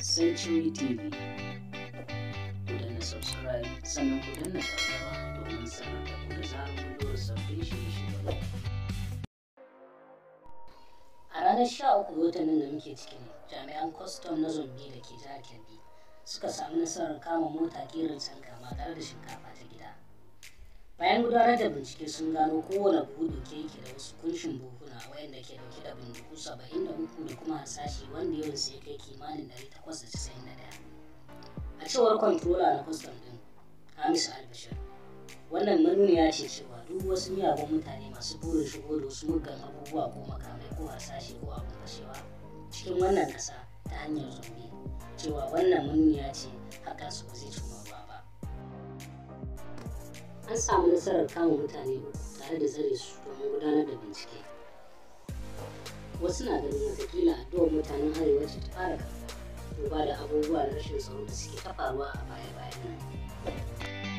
Century TV. Ku danna subscribe sannan ku danna ƙararrawa domin sanar da ku da zarar mun dora sabbin shirye-shirye. A ranar 13 ga watan da muke cikin jami'an kwastam na zombi da ke jihar Kebbi suka samu nasarar kama mota ƙirin tanka ba tare da shinkafa ta gida. Bayan gudanar da bincike sun gano kowane buhu dauke yake da wasu kunshin buhuna wayanda ke dauke da bindigu 73 da kuma yawan sashi wanda yawan sai kai kimanin 891 a cewar kwantrola na kwastam din hamisu albashir wannan manuniya ce cewa duk wasu miyagun mutane masu burin shigo da wasu muggan abubuwa ko makamai ko hasashe ko abin fashewa cikin wannan kasa ta hanyar zombi cewa wannan manuniya ce haka su ba zai cimma ruwa ba an samu nasarar kama mutane uku tare da zare su domin wasu na ganin watakila addu'ar mutanen arewa ce ta fara kafa ba da abubuwa na rashin tsaro da suke kafawa a baya-bayan nan